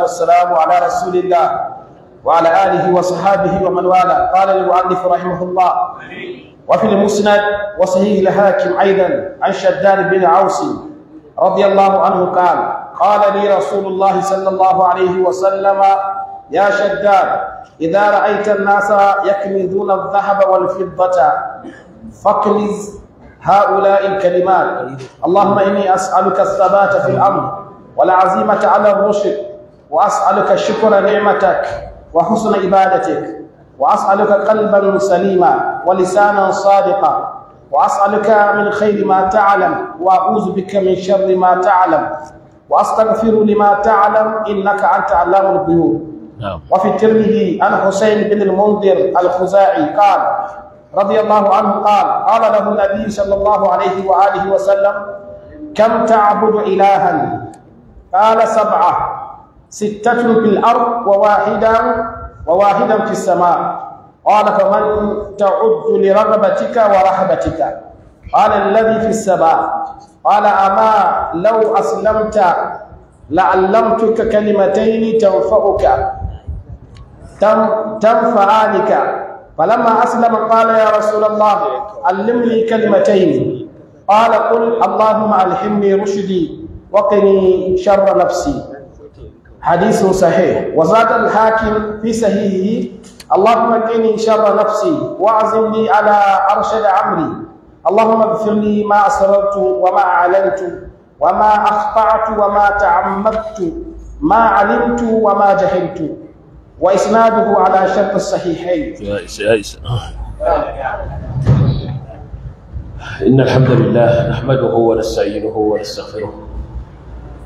والسلام على رسول الله وعلى آله وصحابه ومن والاه قال المؤلف رحمه الله وفي المسند وصحيح الحاكم أيضا عن شداد بن عوس رضي الله عنه قال قال لي رسول الله صلى الله عليه وسلم يا شداد إذا رأيت الناس يكنزون الذهب والفضة فاكنز هؤلاء الكلمات اللهم إني أسألك الثبات في الأمر والعزيمة على الرشد وأسألك شكر نعمتك وحسن عبادتك وأسألك قلبا سليما ولسانا صادقا وأسألك من خير ما تعلم وأعوذ بك من شر ما تعلم وأستغفر لما تعلم إنك أنت علام الغيوب وفي ترمذي عن حسين بن المنذر الخزاعي قال رضي الله عنه قال قال له النبي صلى الله عليه وآله وسلم كم تعبد إلها قال سبعة ستة في الأرض وواحدا وواحدا في السماء قال فمن تعد لرغبتك ورهبتك قال الذي في السماء قال أما لو أسلمت لعلمتك كلمتين تنفعك تنفعانك فلما أسلم قال يا رسول الله علمني كلمتين قال قل اللهم ألهمني رشدي وقني شر نفسي حديث صحيح وزاد الحاكم في صحيحه اللهم اكني شر نفسي واعزم لي على ارشد عمري اللهم اغفر لي ما اسررت وما اعلنت وما اخطات وما تعمدت ما علمت وما جهلت واسناده على شرط الصحيحين ان الحمد لله نحمده ونستعينه ونستغفره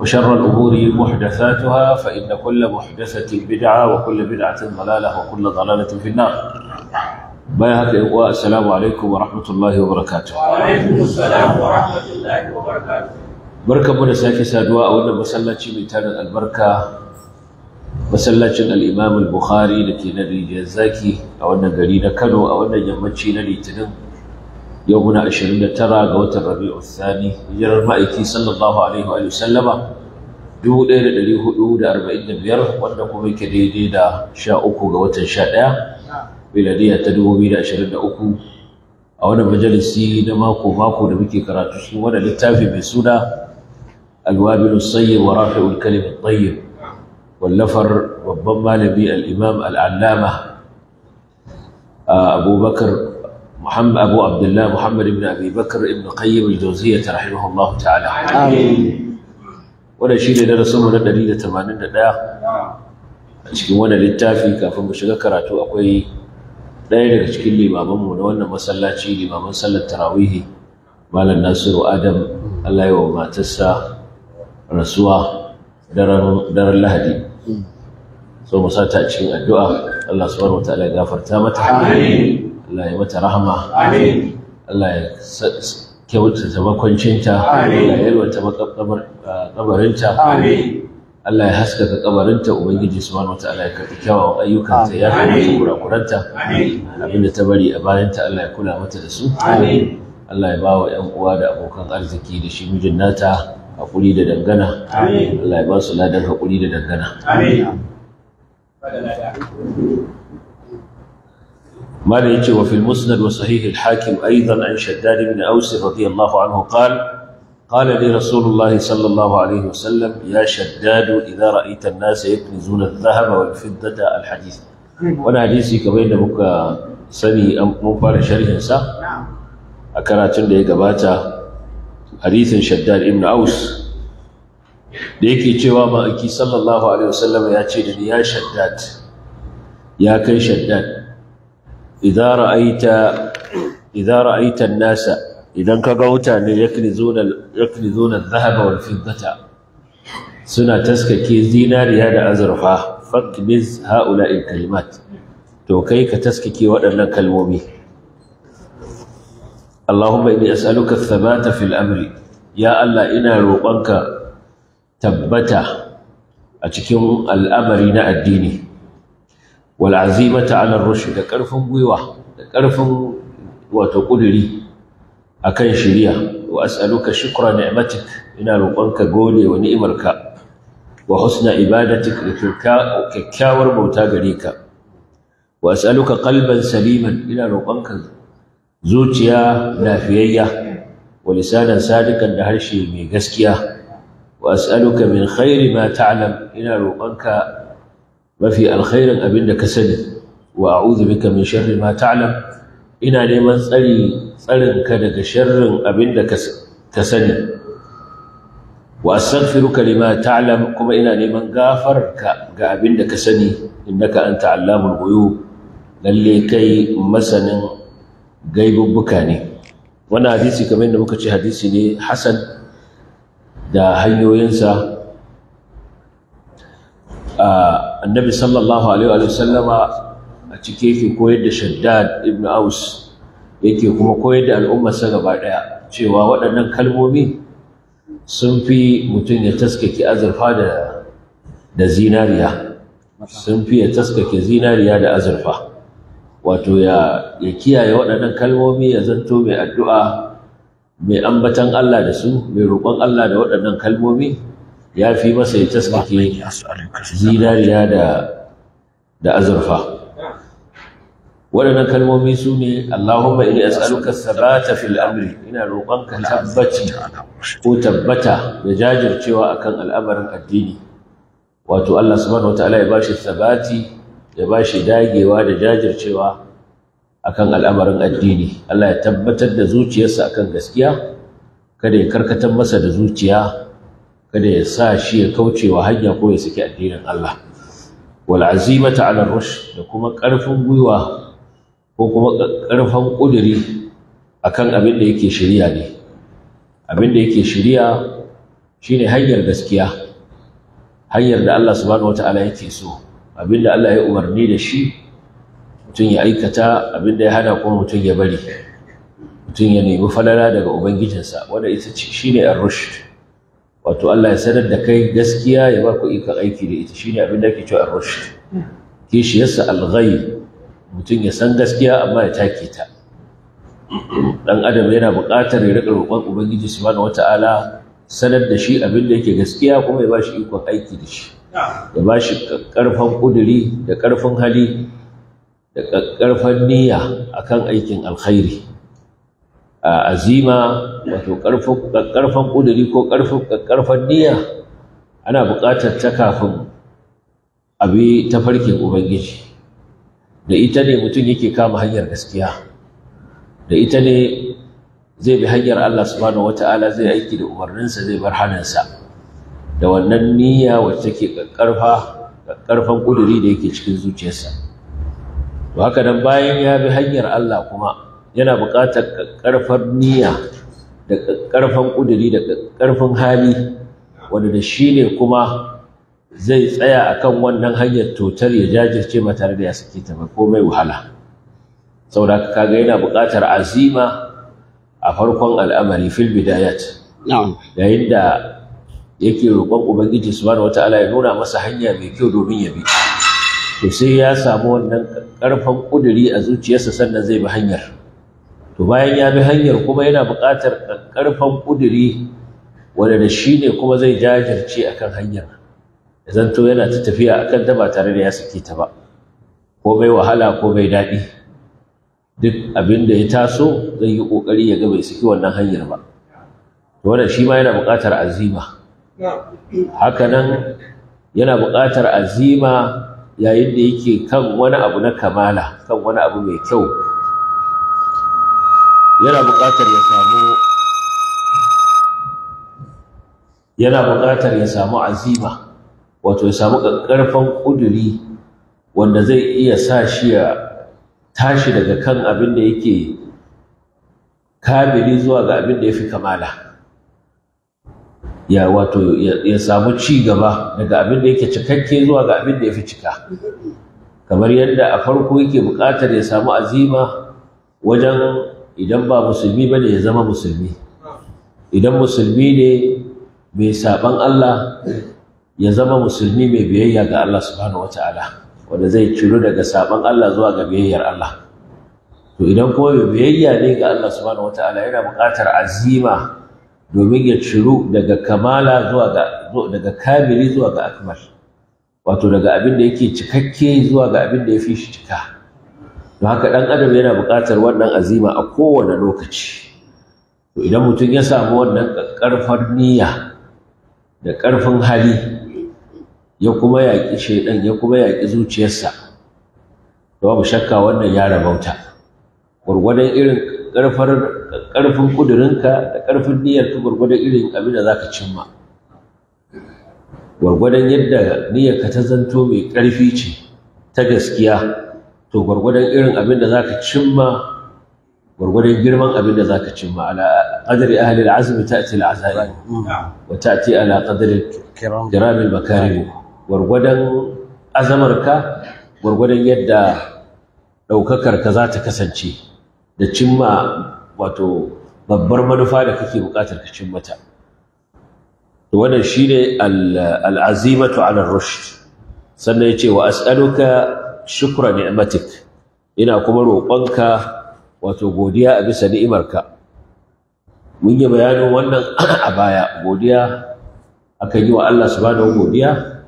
وشر الأمور محدثاتها فإن كل محدثة بدعة وكل بدعة ضلالة وكل ضلالة في النار بيهك السلام عليكم ورحمة الله وبركاته وعليكم السلام ورحمة الله وبركاته بركة من ساكي سادواء وانا مسلاتي ميتان البركة مسلاتي الإمام البخاري لكي نري جزاكي أو أن قرينا كانوا أو أن جمتشي نري تنم yau muna 29 ga watan Rabi'ul Thani hijirar ma'aiki sallallahu alaihi wa sallama 1445 wanda kuma yake daidai da 13 ga watan 11 miladiya ta 2023 a wannan majalisi na mako mako da muke karatu cikin wannan littafi mai suna Al-Wabil Sayyid wa Rafi'ul Kalim Tayyib wallafar babban malami al-Imam al-Allama Abubakar محمد أبو عبد الله محمد بن أبي ya ابن قيم الجوزية رحمه الله تعالى آمين ولا شيء لنا رسمنا دليل تمانين لا cikin wannan littafi kafin mu shiga karatu akwai ɗaya daga cikin limamanmu na wannan masallaci limaman sallar tarawihi malam nasiru adam allah yi matarsa rasuwa daren lahadi hmm. so mu sata a cikin addu'a allah subhanahu wa ta'ala ya gafarta mata amin Allah ya mata rahama Allah ya kyautata makwancinta Allah ya yalwata ah, kabarinta makabarinta. Allah ya haskaka kabarinta ubangiji su subhanahu wataala ya karbi kyawawan ayyukanta ya karbi kurakuranta abinda ta bari a bayanta Allah ya kula mata da su Allah ya ba wa ‘yan uwa da abokan arziki da shi mijin nata haƙuri da dangana. Allah ya ba su ladan haƙuri da dangana. Amin. ما ليجي وفي المسند وصحيح الحاكم أيضا عن شداد بن أوس رضي الله عنه قال قال لي رسول الله صلى الله عليه وسلم يا شداد إذا رأيت الناس يكنزون الذهب والفضة الحديث وانا حديثي كبين بك سني مفار شرح سا أكراتن دي قباتا حديث شداد بن أوس ديكي جواما أكي صلى الله عليه وسلم يا شداد يا كي شداد idza ra'aita nasa idan kaga mutane yaknizuna yaknizuna adh-dhahaba suna taskake zinariya da azurfa fakbiz ha'ula'il kalimat to kai ka taskake waɗannan kalmomi Allahumma inni as'aluka thabata fil amri ya Allah ina roƙonka tabbata a cikin al'amari na addini Wal'azimata azimata ala da ƙarfin gwiwa da karfin wato a akan shiriya wa as'aluka shukra ni'matik ina roƙonka gode wa ni'imarka wa husna ibadatik da kyakkyawar bauta gare ka wa as'aluka qalban saliman ina roƙonka zuciya lafiyayya wa lisanan sadikan da harshe mai gaskiya wa as'aluka min khairi ma ta'lam ina roƙonka mafi alkhairin abin da ka sani wa a'udhu bika min sharri ma ta'lam ina neman tsari tsarin ka daga sharrin abin da ka sani wa astaghfiruka lima ta'lam kuma ina neman gafarka ga abin da ka sani innaka anta allamul ghuyub lalle kai masanin gaibubbuka ne wannan hadisi kamar yadda muka ce hadisi ne hasan da hanyoyinsa a ah, annabi sallallahu alaihi wa sallama a cike yake koyar da shaddad ibn aus yake kuma koyar da al'ummarsa gaba ɗaya cewa waɗannan kalmomi sun fi mutum ya taskake azurfa da zinariya sun fi ya taskake zinariya da azurfa wato ya ya kiyaye waɗannan kalmomi ya zanto mai addu'a mai ambatan Allah da su mai roƙon Allah da waɗannan kalmomi ya fi masa ya taskake zinariya da da azurfa waɗannan kalmomi su ne Allahumma inni as'aluka sabata fil amri ina roƙonka tabbaci ko tabbata da jajircewa akan al'amarin addini wato Allah subhanahu wataala ya bashi sabati ya bashi dagewa da jajircewa akan al'amarin addini Allah ya tabbatar da zuciyarsa akan gaskiya kada ya karkatar masa da zuciya kada ya sa shi ya kauce wa hanya ko ya saki addinin Allah wal azimata ala rush da kuma ƙarfin gwiwa ko kuma ƙarfin ƙuduri akan abin da yake shari'a ne abin da yake shari'a shine hanyar gaskiya hanyar da Allah subhanahu wataala yake so abin da Allah ya umarni da shi mutum ya aikata abin da ya hana kuma mutum ya bari mutum ya nemi falala daga ubangijinsa wanda ita ce shine ar-rushd wato Allah ya sanar da kai gaskiya ya ba ku ikon aiki da ita shine abin da ake cewa ar-rushd kishiyarsa al-ghayb mutum ya san gaskiya amma ya take ta dan adam yana buƙatar ya rika roƙon ubangiji subhanahu wata'ala sanar da shi abin da yake gaskiya kuma ya ba shi ikon aiki da shi ya ba shi karfan ƙuduri da ƙarfin hali da karfan niyya akan aikin alkhairi azima wato ƙarfin ƙuduri ko ƙarfin niyya ana buƙatar ta kafin abi ta farkin ubangiji da ita ne mutum yake kama hanyar gaskiya da ita ne zai bi hanyar Allah subhanahu wata'ala zai aiki da umarninsa zai bar hannunsa da wannan niyya wacce take ƙarfan ƙuduri da yake cikin zuciyarsa to haka nan bayan ya bi hanyar Allah kuma yana buƙatar ƙarfar niyya da ƙarfan ƙuduri da ƙarfin hali wanda da shi ne kuma zai tsaya a kan wannan hanyar totar ya jajirce ma tare da ya sake ta ba wahala. Sau wahala saboda kaga yana buƙatar azima a farkon al'amari fil bidayat yayin da yake roƙon ubangiji subhanahu wataala ya nuna masa hanya mai kyau domin ya bi to sai ya samu wannan ƙarfan ƙuduri a zuciyarsa sannan zai bi hanyar to bayan ya bi hanyar kuma yana buƙatar ƙarfan ƙuduri wanda da shi ne kuma zai jajirce a kan hanyar ya zanto yana ta tafiya akan ta ba tare da ya sake ta ba ko mai wahala ko mai daɗi duk abin da ya taso zai yi ƙoƙari ya ga bai saki wannan hanyar ba wannan shi ma yana buƙatar azima haka nan yana buƙatar azima yayin da yake kan wani abu na kamala kan wani abu mai kyau yana buƙatar ya samu yana buƙatar ya samu azima wato ya samu ƙarfin ƙuduri wanda zai iya sa shi ya tashi daga kan abin da yake kamili zuwa ga abin da ya fi kamala ya wato ya samu ci gaba daga abin da yake cikakke zuwa ga abin da ya fi cika kamar yadda a farko yake buƙatar ya samu azima wajen idan ba musulmi ba ne ya zama musulmi idan musulmi ne mai saɓan Allah ya zama musulmi mai biyayya ga Allah subhanahu ta'ala), wanda zai ciro daga saɓan Allah zuwa ga biyayyar Allah to idan kuma mai biyayya ne ga Allah subhanahu ta'ala) yana buƙatar azima domin ya ciro daga kamala zuwa ga daga kamili zuwa ga akmal wato daga abin da yake cikakke zuwa ga abin da ya fi shi cika haka ɗan adam yana buƙatar wannan azima a kowane lokaci to idan mutum ya samu wannan ƙarfar niyya da ƙarfin hali ya kuma yaƙi ya kuma yaƙi zuciyarsa to babu shakka wannan ya rabauta gwargwadon irin ƙarfar ƙarfin ƙudurinka da ƙarfin ka gwargwadon irin abin da zaka cimma gwargwadon yadda niyyarka ta zanto mai ƙarfi ce ta gaskiya to gwargwadon irin abin da zaka cimma gwargwadon girman abin da zaka cimma ala qadri ahli azumi ta ta'ti al-azaim wa ta'ti ala qadri kiram al gwargwadon azamarka gwargwadon yadda daukakar ka za ta kasance da cimma wato babbar manufa da kake buƙatar ka cimmata. to wannan shine al-azimatu ala rushd sannan ce wa as'aluka shukra ni'matik ina kuma roƙonka wato godiya a bisa ni'imarka mun yi bayanin wannan a baya godiya akan yi wa Allah subhanahu godiya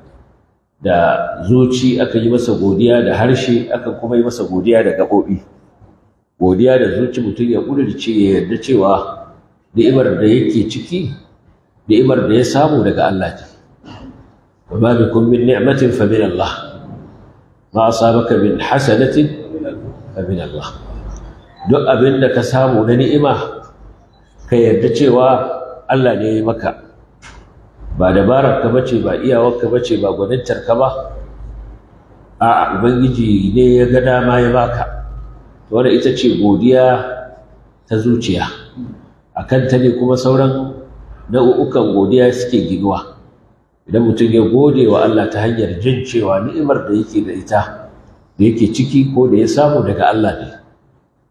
da zuci akan yi masa godiya da harshe akan kuma yi masa godiya da gaɓoɓi godiya da zuci mutum ya ƙudurce ya yarda cewa ni'imar da yake ciki ni'imar da ya samu daga Allah ce wa ma kun bi ni'matin fa min Allah ma asabaka bil hasanati min Allah duk abin da ka samu na ni'ima ka yarda cewa Allah ne ya maka ba dabarar ka bace ba iyawar ka bace ba gwanintar ka ba a ubangiji ne ya ga dama ya baka to ita ce godiya ta zuciya A ta ne kuma sauran nau'ukan godiya suke ginuwa idan mutum ya gode wa Allah ta hanyar jin cewa ni'imar da yake da ita da yake ciki ko da ya samu daga Allah ne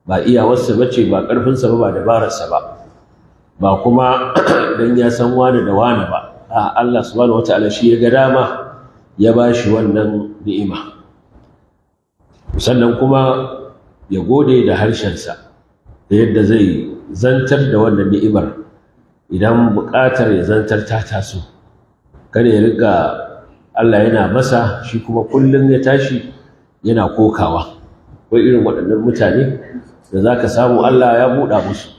ba iyawarsa ba ce ba ƙarfinsa ba ba dabararsa ba ba kuma dan ya san wani da wani ba a Allah subhanahu wataala shi ya ga dama ya ba shi wannan ni'ima sannan kuma ya gode da harshensa da yadda zai zantar da wannan ni'imar idan buƙatar ya zantar ta taso kada ya riƙa Allah yana masa shi kuma kullum ya tashi yana kokawa wai irin waɗannan mutane da za ka samu Allah ya buɗa musu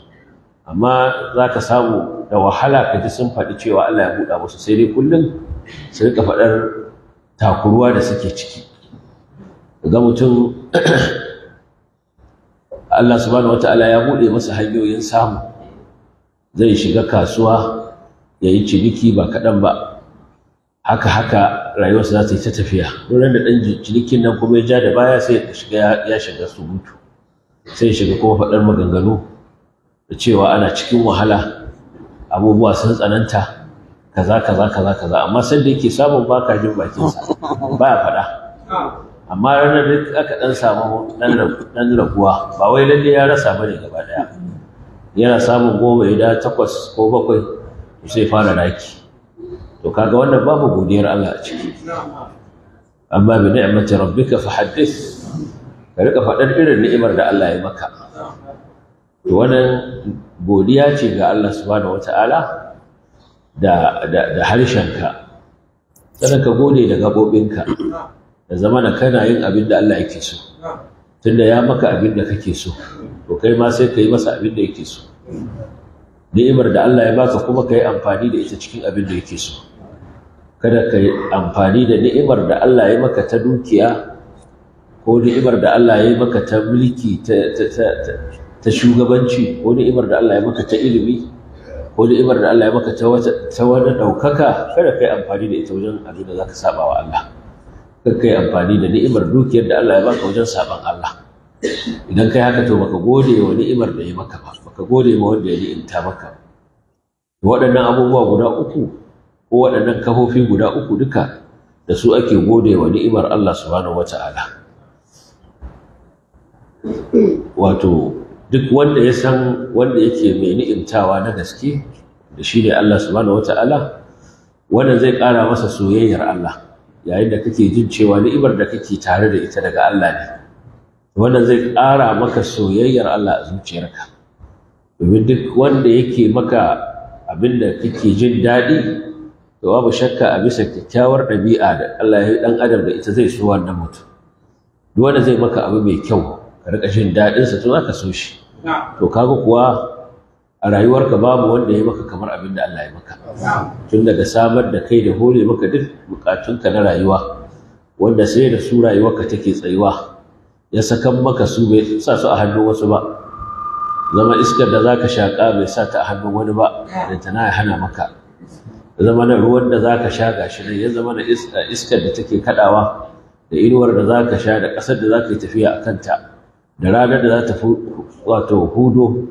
amma za ka samu da wahala ka ji sun faɗi cewa Allah ya buɗa musu sai dai kullum su riƙa faɗar takuruwa da suke ciki ga mutum Allah subhanahu ta'ala ya buɗe masa hanyoyin samu zai shiga kasuwa ya yi ciniki ba kaɗan ba haka haka rayuwarsa za ta yi ta tafiya wurin da ɗan cinikin nan kuma ya ja da baya sai ya shiga ya shiga surutu sai ya shiga kuma faɗar maganganu da cewa ana cikin wahala abubuwa sun tsananta kaza kaza kaza kaza amma da yake samun baka jin bakinsa baya faɗa amma ranar da aka ɗan samu ɗan raguwa ba wai lalle ya rasa ba ne gaba ɗaya yana samun goma ya takwas ko bakwai sai fara raki to kaga wannan babu godiyar Allah a ciki amma bi ni'mati rabbika fahaddith ka rika faɗar irin ni'imar da Allah ya maka to wannan godiya ce ga Allah subhanahu wata'ala da da da harshenka sannan ka gode da gaɓoɓinka da zamana kana yin abin da Allah yake so tunda ya maka abin da kake so to kai ma sai ka yi masa abin da yake so ni'imar da Allah ya baka kuma ka yi amfani da ita cikin abin da yake so kada ka yi amfani da ni'imar da Allah ya maka ta dukiya ko ni'imar da Allah ya maka ta mulki ta shugabanci ko ni'imar da Allah ya maka ta ilimi ko ni'imar da Allah ya maka ta wata ɗaukaka kada ka yi amfani da ita wajen abin da za ka saba wa Allah kada ka yi amfani da ni'imar dukiyar da Allah ya maka wajen saban Allah idan kai haka to baka gode wa ni'imar da ya maka ba baka gode ma wanda ya ni'imta maka waɗannan abubuwa guda uku ko waɗannan kafofi guda uku duka da su ake gode wa ni'imar Allah subhanahu wata'ala wato duk wanda ya san wanda yake mai ni'imtawa na gaske da shi ne Allah subhanahu wata'ala wannan zai ƙara masa soyayyar Allah yayin da kake jin cewa ni'imar da kake tare da ita daga Allah ne wannan zai ƙara maka soyayyar Allah a zuciyarka domin duk wanda yake maka abin da kake jin daɗi to babu shakka a bisa kyakkyawar ɗabi'a da Allah ya yi ɗan adam da ita zai so wannan mutum duk wanda zai maka abu mai kyau ka riƙa jin daɗinsa to tun ka so shi to kaga kuwa a rayuwarka babu wanda ya yi maka kamar abin da Allah ya maka tun daga samar da kai da hore maka duk bukatunka na rayuwa wanda sai da su rayuwarka take tsayuwa ya sakan maka su bai sa su a hannun wasu ba zama iskar da zaka shaka bai sa ta a hannun wani ba da tana ya hana maka ya zama na ruwan da ka sha gashi nan ya zama na iskar da take kadawa da inuwar da zaka sha da kasar da zaka yi tafiya a kanta da ranar da za ta wato hudo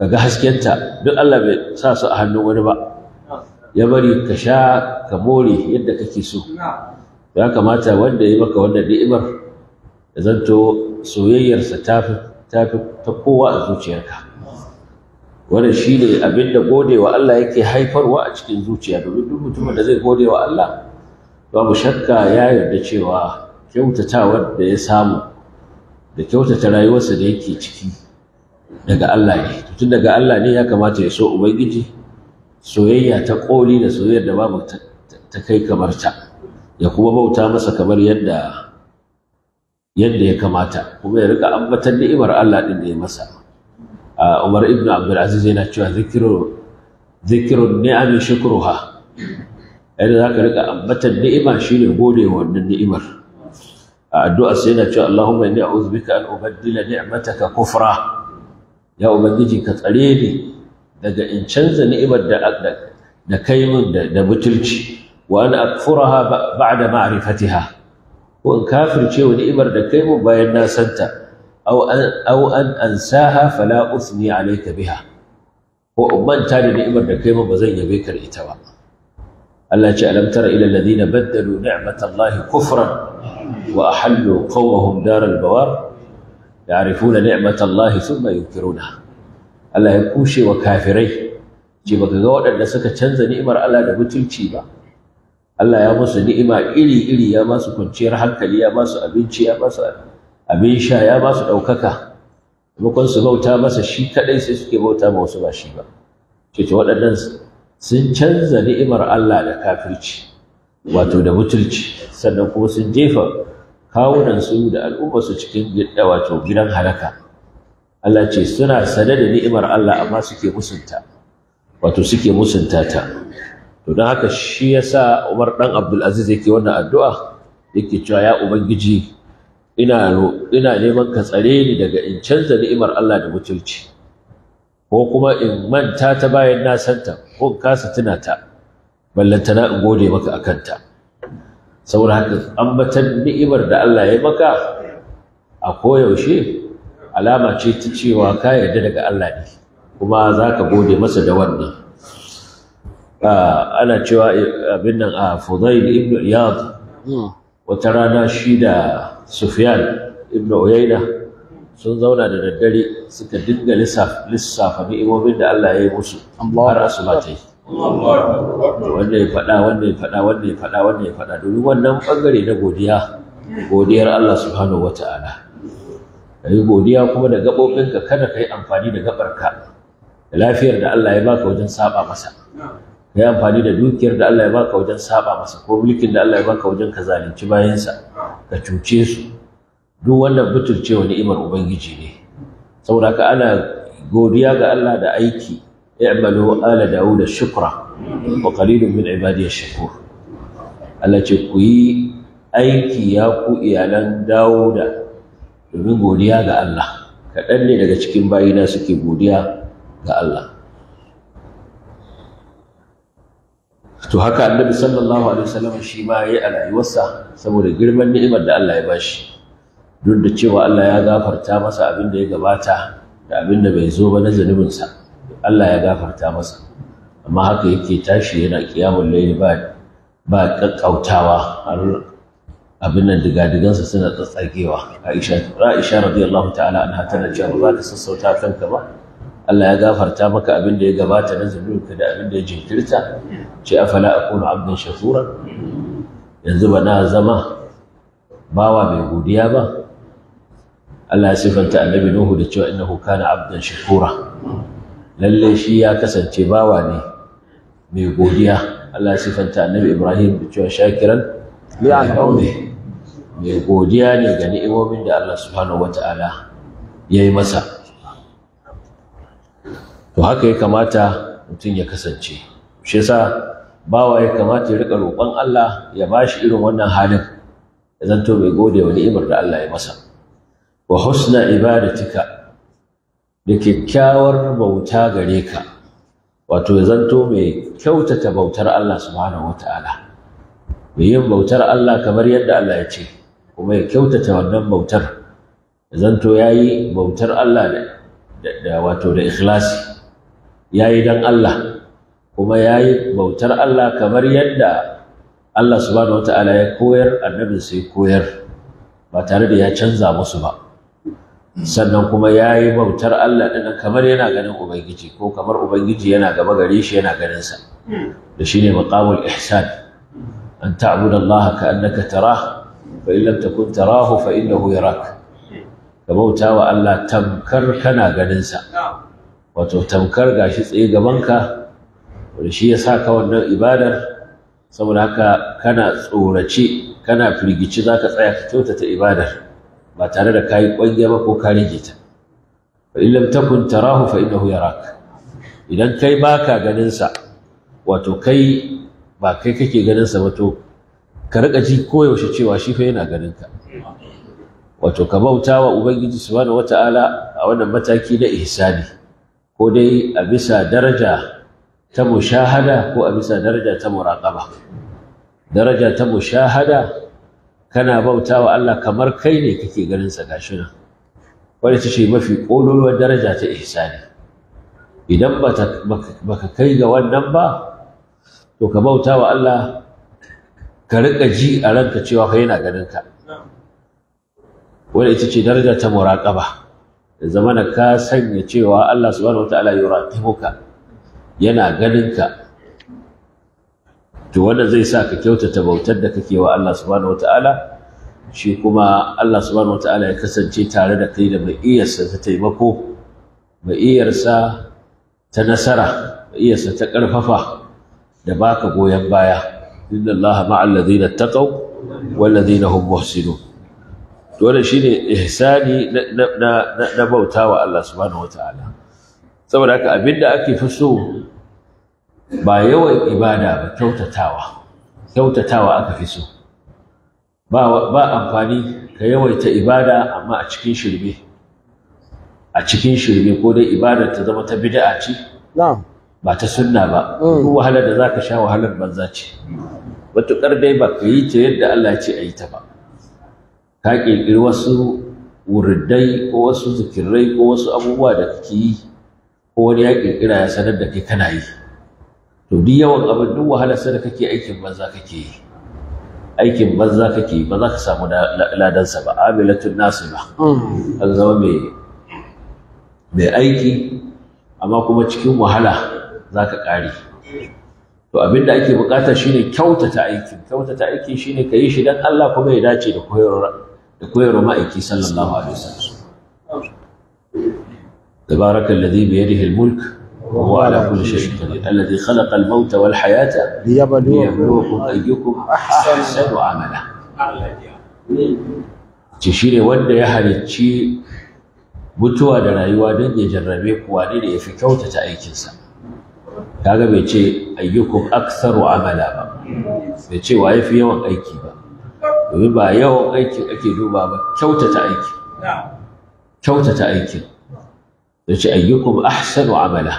hasken haskenta duk Allah bai sa su a hannun wani ba ya bari ka sha ka more yadda kake so ya kamata wanda ya maka wannan ni'imar ya zanto soyayyarsa ta fi ta kowa a zuciyarka wannan ne abin da wa Allah yake haifarwa a cikin zuciya domin duk mutumin da zai gode wa Allah babu shakka ya yarda cewa kyautatawar da ya samu da kyautata rayuwarsa da yake ciki daga Allah ne tun daga Allah ne ya kamata ya so ubangiji soyayya ta koli da soyayyar da babu ta kai kamar ta ya kuma bauta masa kamar yadda ya kamata kuma ya rika ambatar ni'imar Allah ɗin da ya masa Umar ibn Abdulaziz yana cewa zikiru zikiru ni'ami shukruha yadda za ka riƙa ambatan ni'ima shine gode wa wannan ni'imar a addu'a sai yana cewa Allahumma inni a'udhu bika an ubaddila ni'mataka kufra ya ubangiji ka tsare ni daga in canza ni'imar da da kai min da mutunci. wa an akfuraha ba'da ma'rifatiha ko in kafirce wa ni'imar da kai mun bayan na santa Au'an an aw an ansaha fala biha ko in manta da ni'imar da kai ma ba zan yabe ka ita ba Allah ce alam tara ila alladhina baddalu ni'matallahi kufran wa ahallu qawmahum daral bawar ya'rifuna ni'matallahi thumma yunkirunaha Allah ya kushe wa kafirai ce baka ga waɗanda suka canza ni'imar Allah da mutunci ba Allah ya musu ni'ima iri-iri ya ba kwanciyar hankali ya ba abinci ya ba su abin sha ya ba su ɗaukaka maimakon su bauta masa shi kaɗai sai suke bauta ma wasu ba shi ba ce waɗannan sun canza ni'imar Allah da kafirci wato da mutulci sannan kuma sun jefa kawunan su da al'umma su cikin wato gidan halaka Allah ce suna sane da ni'imar Allah amma suke musunta wato suke musunta ta to don haka shi yasa Umar dan Abdul Aziz yake wannan addu'a yake cewa ya ubangiji ina ina neman ka tsare ni daga in canza ni'imar Allah da mutunci ko kuma in manta ta bayan na santa ko in kasa tuna ta ballantana in gode maka akan ta saboda haka ambatan ni'imar da Allah ya maka a koyaushe alama ce ta cewa ka yarda daga Allah ne kuma za ka gode masa da wannan ana cewa eh, abin nan a fudayl ibn iyad hmm. wata rana shi da sufyan ibn uyayna sun zauna da daddare suka dinga lissafa ni'imomin da Allah ya yi musu har asuba ta yi wanda ya faɗa wanda ya faɗa wanda ya faɗa wanda ya faɗa domin wannan ɓangare na godiya godiyar Allah subhanahu wata'ala ka yi godiya kuma da gaɓoɓinka kada ka yi amfani da gaɓarka da lafiyar da Allah ya baka wajen saɓa masa ka yi amfani da dukiyar da Allah ya baka wajen saba masa ko mulkin da Allah ya baka wajen ka zalunci bayansa ka cuce su duk wannan butulcewa ni'imar ubangiji ne saboda ka ana godiya ga Allah da aiki i'malu ala dauda shukra wa qalilun min ibadiy shakur Allah ce ku yi aiki ya ku iyalan dauda domin godiya ga Allah kaɗan ne daga cikin bayina suke godiya ga Allah to haka annabi sallallahu alaihi wasallam shi ma yayi a rayuwarsa saboda girman ni'imar da Allah ya bashi duk da cewa Allah ya gafarta masa abin da ya gabata da abin da bai zo ba na sa Allah ya gafarta masa amma haka yake tashi yana kiyamul laili ba ba kakkautawa har abin nan digansa suna tsatsagewa Aisha Aisha radiyallahu ta'ala anha tana cewa ba ta sassauta kanka ba Allah ya gafarta maka abin da ya gabata na ka da abin da ya jinkirta ce afala akunu abdan shakura yanzu ba na zama bawa mai godiya ba Allah ya sifanta annabi Nuhu da cewa innahu kana abdan shakura lalle shi ya kasance bawa ne mai godiya Allah ya sifanta annabi Ibrahim da cewa shakiran li'an'umi mai godiya ne ga ni'imomin da Allah subhanahu wata'ala ya yi masa to haka ya kamata mutum ya kasance shi yasa bawa ya kamata ya rika roƙon Allah ya ba shi irin wannan halin ya zanto mai gode wa ni'imar da Allah ya masa wa husna ibadatika da kyakkyawar bauta gare ka wato ya zanto mai kyautata bautar Allah subhanahu wataala mai yin bautar Allah kamar yadda Allah ya ce kuma ya kyautata wannan bautar ya zanto ya yi bautar Allah da wato da ikhlasi ya yi don Allah kuma ya yi bautar Allah kamar yadda Allah subhanahu ta'ala ya koyar annabin sai koyar ba tare da ya canza musu ba sannan kuma ya yi bautar Allah ɗin kamar yana ganin Ubangiji ko kamar Ubangiji yana gaba gare shi yana ganinsa da shi ne maƙamul ihsan أن تعبد الله كأنك تراه فإن لم تكن تراه فإنه يراك كبوتا Allah tamkar kana ganinsa. Wato tamkar gashi tsaye gabanka. wanda shi ya sa ka wannan ibadar saboda haka kana tsorace kana firgici za ka tsaya ka kyautata ibadar ba tare da kayi ƙwanya ba ko ka rage ta fa in lam takun tarahu fa innahu yarak idan kai baka ganin sa wato kai ba kai kake ganin sa ba to ka rika ji koyaushe cewa shi fa yana ganin ka wato ka bauta wa ubangiji subhanahu wataala a wannan mataki na ihsani ko dai a bisa daraja ta mushahada ko a bisa daraja ta muraqaba daraja ta mushahada kana bautawa Allah kamar kai ne kake ganin sa gashi nan wanda tace mafi kololuwar daraja ta ihsani idan baka kai ga wannan ba to ka bautawa Allah ka riƙa ji a ranka cewa kai yana ganin ka Wani ita ce daraja ta muraqaba zamana ka sanya cewa Allah subhanahu wataala yuraqibuka yana ganin ka to wanda zai sa ka kyautata bautar da kake wa Allah subhanahu wataala shi kuma Allah subhanahu wataala ya kasance tare da kai da iyarsa ta taimako iyarsa ta nasara iyarsa ta ƙarfafa da baka goyon baya inna Allah ma'al ladina taqaw wal ladina hum muhsinun to wannan shine ihsani na na na bautawa Allah subhanahu wataala saboda haka da ake fi so ba yawan ibada ba kyautatawa kyautatawa aka fi so ba amfani ka yawaita ibada amma a cikin shirme a cikin shirme ko dai ibadar ta zama ta bid'a ce ba ta sunna ba mm. ko wahalar da zaka sha wahalar banza ce matuƙar dai ba ka yi ta yadda Allah ce a yi ta ba ka ƙirƙiri wasu wurdai ko wasu zikirai ko wasu abubuwa da kake yi ko wani ya kirkira ya sanar da kai kana yi to duk yawan abin duk wahalar sa da kake aikin banza kake yi aikin banza kake yi ba za ka samu ladansa ba amilatun nasu ba mm. an zama mai mai aiki amma kuma cikin wahala za ka ƙare to abin da ake bukata shine kyautata aikin kyautata aikin shine ka yi shi don Allah kuma ya dace da koyarwa da koyarwa ma'aiki sallallahu alaihi wasallam تبارك الذي بيده الملك وهو على كل شيء قدير الذي خلق الموت والحياة ليبلوكم أيكم أحسن عملا تشير ود يا halicci mutuwa da rayuwa don ya jarrabe ku wane ne ya fi kyautata aikinsa kaga bai ce ayyukum aktsaru amala ba bai ce waye fi yawan aiki ba domin ba yawan aiki ake duba ba kyautata aiki kyautata aikin yace ayyukum ahsanu amala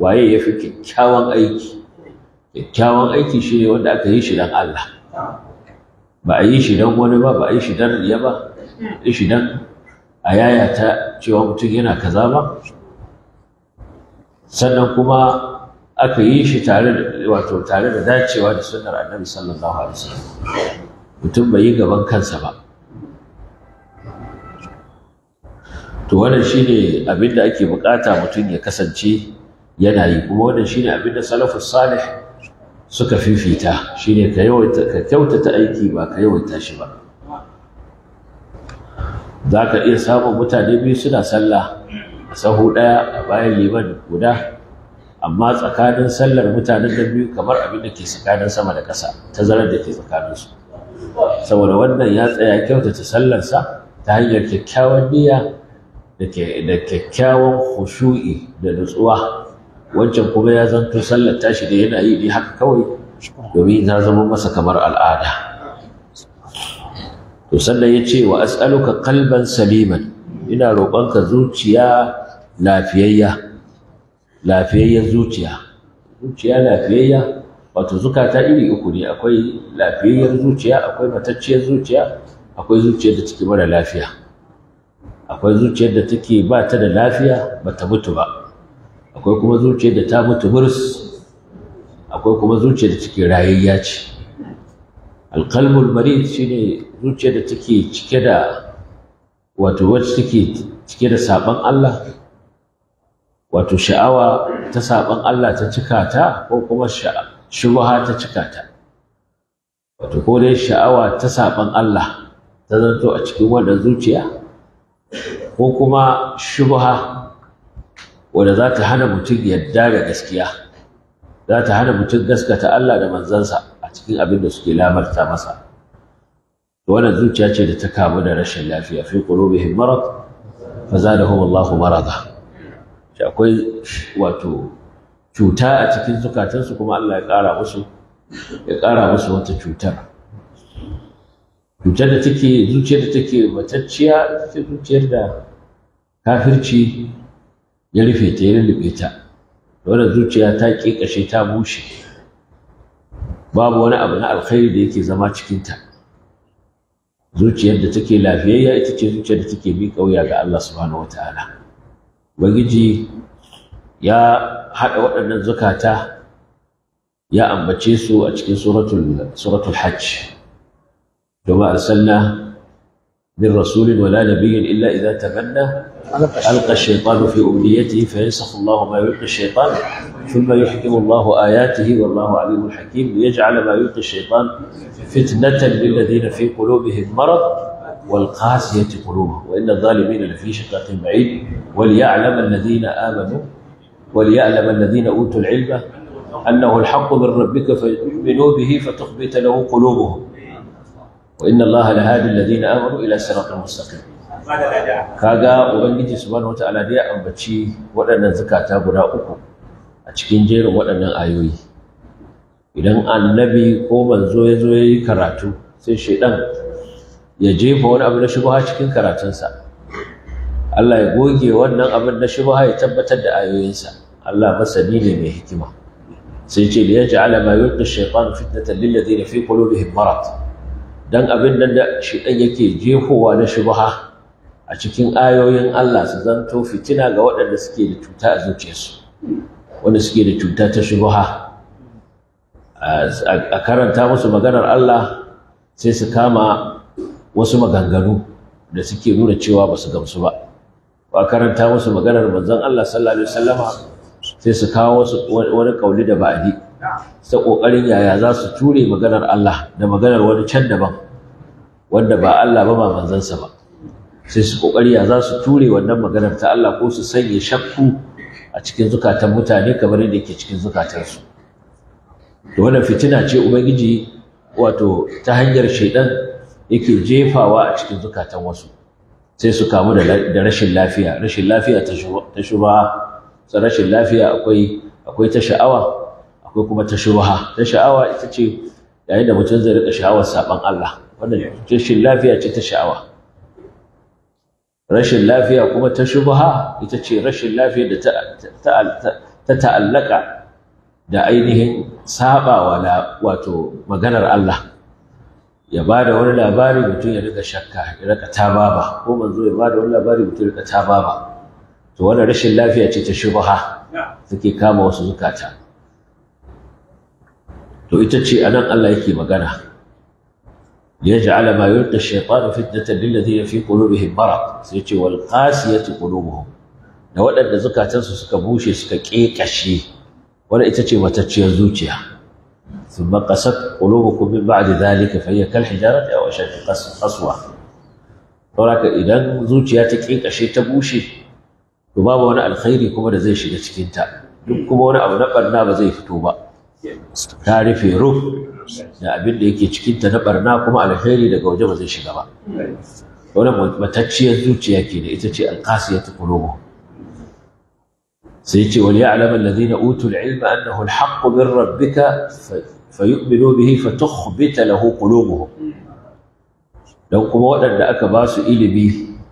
waye yafi kyakkyawan aiki kyakkyawan aiki shine wanda aka yi shi dan Allah ba a yi shi dan wani ba ba a yi shi dan riya ba yi shi dan a yayata cewa mutum yana kaza ba sannan kuma aka yi shi tare da wato tare da dacewa da sunnar annabi sallallahu alaihi wasallam mutum bai yi gaban kansa ba to wannan shine abin da ake bukata mutum ya kasance yana yi kuma wannan shine abin da salafus salih suka fifita shine ka yawaita ka kyautata aiki ba ka yawaita shi ba za ka iya samun mutane biyu suna sallah a sahu ɗaya a bayan liman guda amma tsakanin sallar mutanen da biyu kamar abin da ke tsakanin sama da ƙasa tazarar da ke tsakanin su. saboda wannan ya tsaya kyautata sallarsa ta hanyar kyakkyawan niyya da kyakkyawan khushu'i da nutsuwa wancan kuma ya zanto sallar tashi da yana yi ne haka kawai domin ya zama masa kamar al'ada to sannan ya ce wa as'aluka kalban saliman ina roƙonka zuciya lafiyayya lafiyayyar zuciya zuciya lafiyayya wato zukata iri uku ne akwai lafiyayyar zuciya akwai matacciyar zuciya akwai zuciyar da take mara lafiya akwai zuciyar da take ba ta da lafiya ba ta mutu ba akwai kuma zuciyar da ta mutu murs akwai kuma zuciyar da take rayayya ce alƙalmul marid shine zuciyar da take cike da wato wacce take cike da saban Allah wato sha'awa ta saban Allah ta cika ta ko kuma shubaha ta cika ta wato ko dai sha'awa ta saban Allah ta zanto a cikin wannan zuciya ko kuma shubha wadda za ta hana mutum yadda da gaskiya za ta hana mutum gaskata Allah da manzansa a cikin abin da suke lamarta masa wannan zuciya ce da ta kamu da rashin lafiya fi qulubihim marad fa zadahum Allahu marada shi akwai wato cuta a cikin zukatansu kuma Allah ya ƙara musu ya ƙara musu wata cutar cutar da take zuciyar da take matacciya take zuciyar da kafirci ya rufe ta ya rufe ta wadda zuciya ta kashe ta bushe babu wani abu na alkhairi da yake zama cikinta zuciyar da take lafiyayya ita ce zuciyar da take bi kauya ga Allah subhanahu wataala ubangiji ya haɗa waɗannan zukata ya ambace su a cikin suratul suratul hajj كما أرسلنا من رسول ولا نبي إلا إذا تمنى ألقى الشيطان في أمنيته فينسخ الله ما يلقي الشيطان ثم يحكم الله آياته والله عليم حكيم ليجعل ما يلقي الشيطان فتنة للذين في قلوبهم مرض والقاسية قلوبهم وإن الظالمين لفي شقاق بعيد وليعلم الذين آمنوا وليعلم الذين أوتوا العلم أنه الحق من ربك فيؤمنوا به فتخبت له قلوبهم wa inna allaha lahadi alladhina amanu ila siratin mustaqim kaga ubangiji subhanahu wata da ya ambaci waɗannan zakata guda uku a cikin jerin waɗannan ayoyi idan annabi ko manzo ya zo ya yi karatu sai shaidan ya jefa wani abu na shubha cikin karatunsa Allah ya goge wannan abin na shubha ya tabbatar da ayoyinsa Allah masani ne mai hikima sai ce da ya ja'ala ma yulqi ash-shaytanu fitnatan lil ladina fi qulubihim dan abin nan da shi dan yake jefowa na shubha a cikin ayoyin Allah su zanto fitina ga waɗanda suke da cuta a zuciyarsu wanda suke da cuta ta shubha a karanta musu maganar Allah sai su kama wasu maganganu da suke nuna cewa ba su gamsu ba a karanta musu maganar manzon Allah sallallahu alaihi wasallama sai su kawo wani kauli da ba'adi Sa ƙoƙarin yaya za su ture maganar Allah da maganar wani can daban wanda ba Allah ba ba manzansa ba sai su ƙoƙari ya za su ture wannan maganar ta Allah ko su sanya shakku a cikin zukatan mutane kamar yadda ke cikin zukatansu to wannan fitina ce ubangiji wato ta hanyar shaidan yake jefawa a cikin zukatan wasu sai su kamu da rashin lafiya rashin lafiya ta shuba rashin lafiya akwai ta sha'awa ko kuma ta shubha ta sha'awa ita ce yayin da mutum zai rika sha'awar saban Allah wannan rashin lafiya ce ta sha'awa rashin lafiya kuma ta shubha ita ce rashin lafiya da ta ta'allaka da ainihin sabawa wato maganar Allah ya ba da wani labari mutum ya rika shakka ya rika tababa ko manzo ya ba da wani labari mutum ya rika tababa to wannan rashin lafiya ce ta shubha suke kama wasu zukata to ita ce a nan Allah yake magana ya ja'ala ma yulqi shaytanu fitnatan lil ladhina fi qulubihim marad sai ce wal qasiyati qulubuhum da waɗanda zukatan su suka bushe suka kekashe wannan ita ce matacciyar zuciya thumma qasat qulubukum min ba'd dhalika fa hiya kal hijarati aw ashad qaswa saboda idan zuciya ta kekashe ta bushe to babu wani alkhairi kuma da zai shiga cikin ta duk kuma wani abu na barna ba zai fito ba ta rufe ruf da abin da yake cikinta na barna kuma alheri daga waje ba zai shiga ba wannan matacciyar zuciya ke da ita ce ta qulubuhum sai ce wal ya'lamu alladhina utul ilma annahu alhaqqu min rabbika fayu'minu bihi fatukhbita lahu qulubuhum dan kuma waɗanda aka ba su ilimi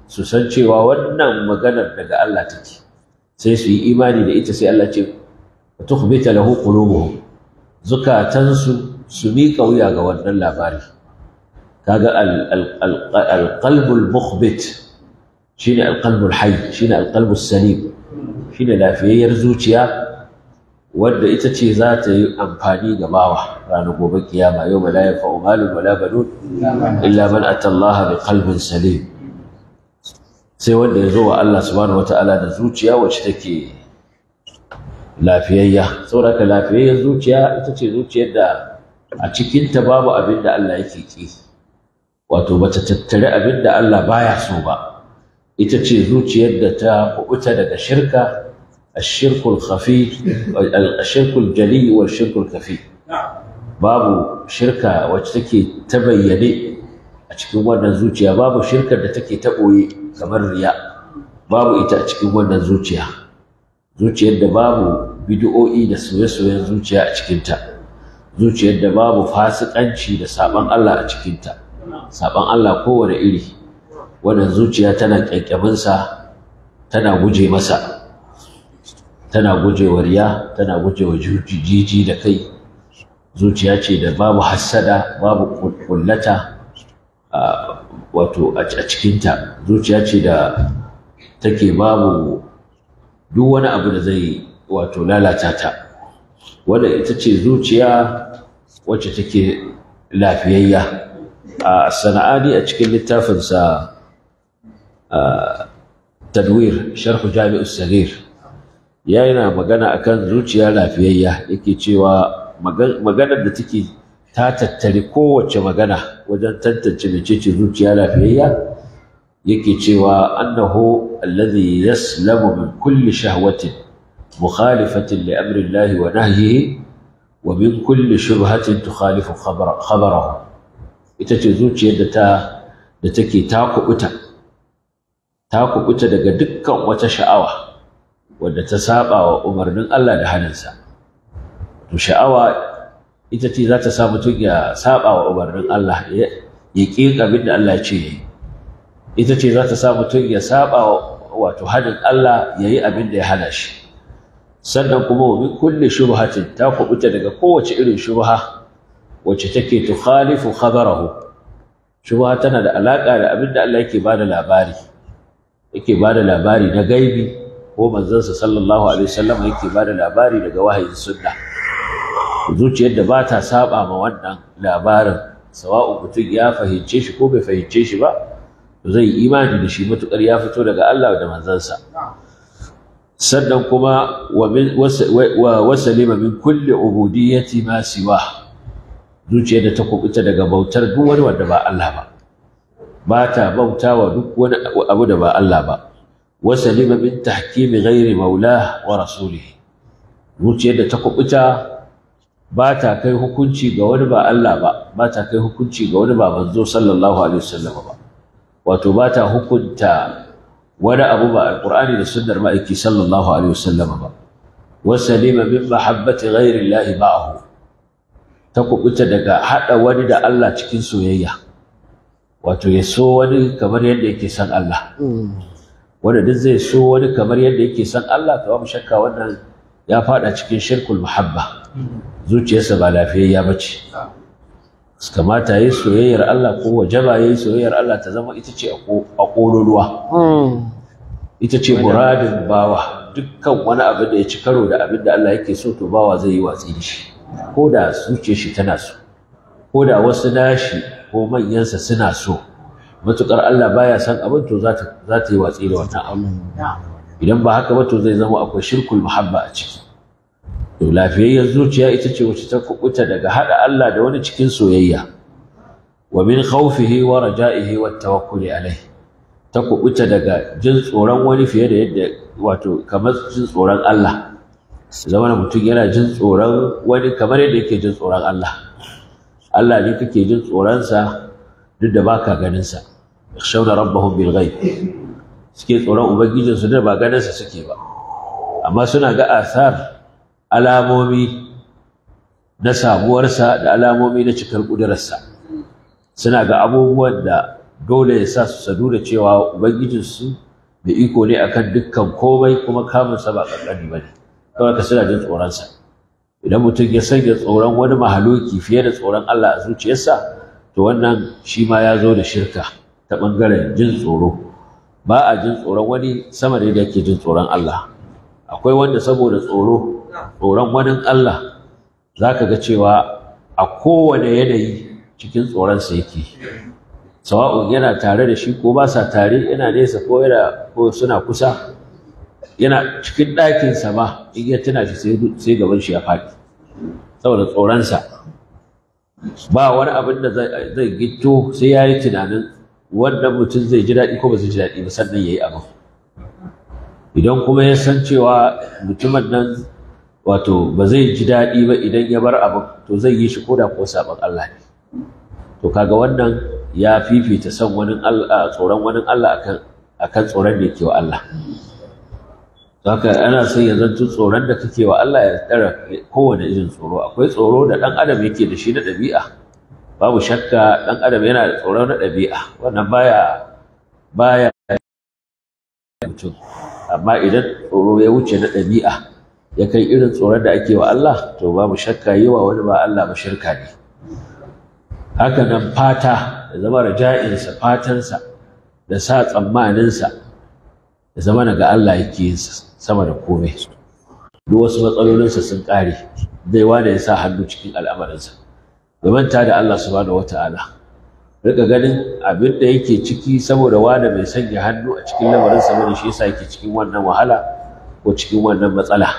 su san cewa wannan maganar daga Allah take sai su yi imani da ita sai Allah ce fatukhbita lahu qulubuhum zukatansu su miƙa wuya ga wannan labari kaga alqalbul mukhbit shine alqalbul hayy shine alqalbus salim shine lafiyayyar zuciya wadda ita ce za ta yi amfani ga bawa ranar gobe kiyama yau ma la yanfa'u wala banun illa man atallaha bi qalbin salim sai wanda ya zo wa Allah subhanahu wataala da zuciya wacce take lafiyayya saboda ka lafiyayyar zuciya ita ce zuciyar da a cikinta babu abin da Allah yake ki wato bata tattare abin da Allah baya so ba ita ce zuciyar da ta kubuta daga shirka ashirkul khafi ashirkul jali kafi babu shirka wacce take ta bayyane a cikin wannan zuciya babu shirkar da take ta ɓoye kamar riya babu ita a cikin wannan zuciya zuciyar da babu bid'o'i da soye zuciya a cikinta zuciyar da babu fasikanci da saban Allah a cikinta saban Allah kowane iri wannan zuciya tana kyakkyaminsa tana guje masa tana guje wa riya tana guje wa jiji da kai zuciya ce da babu hassada babu kullata wato a cikinta zuciya ce da take babu duk wani abu da zai wato lalata ta wanda ita ce zuciya wacce take lafiyayya a sana'ani a cikin littafinsa tadwir sharhu jami'u sarir ya yana magana akan zuciya lafiyayya yake cewa maganar da take ta tattare kowace magana wajen tantance mecece zuciya lafiyayya yake cewa annahu alladhi yaslamu min kulli shahwatin mukhalifatin li amri wa nahyihi wa min kulli shubhatin tukhalifu khabarahu ita ce zuciyar da ta da take ta kubuta ta kubuta daga dukkan wata sha'awa wadda ta saba wa umarnin Allah da hannunsa to sha'awa ita ce za ta sa mutum ya saba wa umarnin Allah ya ƙi abin da Allah ce ya ita ce za ta sa mutum ya saba wato hadin Allah ya yi abin da ya hana shi sannan kuma wa min kulli shubhatin ta kubuta daga kowace irin shubha wacce take tukhalifu khabarahu shubha tana da alaka da abin da Allah yake bada labari yake bada labari na gaibi ko manzansa sallallahu alaihi wasallam yake bada labari daga wahayin sunna zuciyar da ba ta saba ma wannan labarin sawa'u mutum ya fahimce shi ko bai fahimce shi ba zai imani da shi matuƙar ya fito daga Allah da manzansa sannan kuma wa wasalima min kulli ubudiyyati ma siwa zuciya da ta kubuta daga bautar duk wani wanda ba Allah ba ba ta bautawa duk wani abu da ba Allah ba wasalima min tahkimi ghairi maulah wa rasulih zuciya da ta kubuta ba ta kai hukunci ga wani ba Allah ba ba ta kai hukunci ga wani ba manzo sallallahu alaihi wasallam ba wato ba ta hukunta wani abu ba Al-ƙur'ani da sunnar ma'aiki sallallahu alaihi wasallam ba Wasu nema min mahabbati ghairi lahi ba'ahu ta kubuta daga hada wani da Allah cikin soyayya wato ya so wani kamar yadda yake son Allah wanda duk zai so wani kamar yadda yake san Allah to babu shakka wannan ya fada cikin shirkul muhabba zuciyarsa ba lafiyayya ba ce kamata ya soyayyar Allah ko wajaba ya soyayyar Allah ta zama ita ce a ƙololuwa hmm. ita ce muradin bawa dukkan wani abu da ya ci karo da abin da Allah yake so to bawa zai yi watsi da shi ko da suke shi tana so ko da wasu nashi ko manyansa suna so matukar Allah baya san abin to za ta yi watsi da wannan abu idan ba haka ba to zai zama akwai shirkul muhabba a ciki to lafiyayyar zuciya ita ce wacce ta kubuta daga hada Allah da wani cikin soyayya wa min khawfihi wa raja'ihi wa tawakkuli alayhi ta kubuta daga jin tsoron wani fiye da yadda wato kamar jin tsoron Allah zama mutum yana jin tsoron wani kamar yadda yake jin tsoron Allah Allah ne kake jin sa duk da baka ganin sa yakhshawna rabbahum bil ghaib suke tsoron ubangijinsu da ba ganin sa suke ba amma suna ga asar alamomi na samuwarsa da alamomi na cikar ƙudurarsa suna ga abubuwan da dole ya sa su sadu da cewa su da iko ne akan dukkan komai kuma kamunsa ba ƙanƙani ba ne kawai ka suna jin tsoronsa idan mutum ya sanya tsoron wani mahaloki fiye da tsoron Allah a zuciyarsa to wannan shi ma ya zo da shirka ta ɓangaren jin tsoro ba a jin tsoron wani sama da yake jin tsoron Allah akwai wanda saboda tsoro tsoron wani Allah za ka ga cewa a kowane yanayi cikin tsoronsa yake sawa'un yana tare da shi ko ba sa tare yana nesa ko yana ko suna kusa yana cikin ɗakinsa ba in ya tuna shi sai gaban shi ya faɗi saboda tsoronsa ba wani abin da zai gito sai ya yi tunanin wannan mutum zai ji daɗi ko ba zai ji daɗi ba sannan ya yi abin idan kuma ya san cewa mutumin nan wato ba zai ji daɗi ba idan ya bar abin to zai yi shi koda ko sabon Allah ne to kaga wannan ya fifita son wani Allah tsoron wani Allah akan akan tsoron da yake wa Allah haka ana son yanzu zanto tsoron da kake wa Allah ya tsara kowane irin tsoro akwai tsoro da ɗan adam yake da shi na ɗabi'a babu shakka ɗan adam yana da tsoro na ɗabi'a wannan baya baya mutum amma idan tsoro ya wuce na ɗabi'a ya kai irin tsoron da ake wa Allah to babu shakka yi wa wani ba Allah shirka ne haka nan fata ya zama raja'insa fatansa da sa tsammaninsa ya zama daga Allah yake sama da komai duk wasu matsalolinsa sun ƙare zai wada ya sa hannu cikin al'amarinsa da manta da Allah wata ala. rika ganin abin da yake ciki saboda wada mai sanya hannu a cikin lamarinsa bane shi yasa yake cikin wannan wahala ko cikin wannan matsala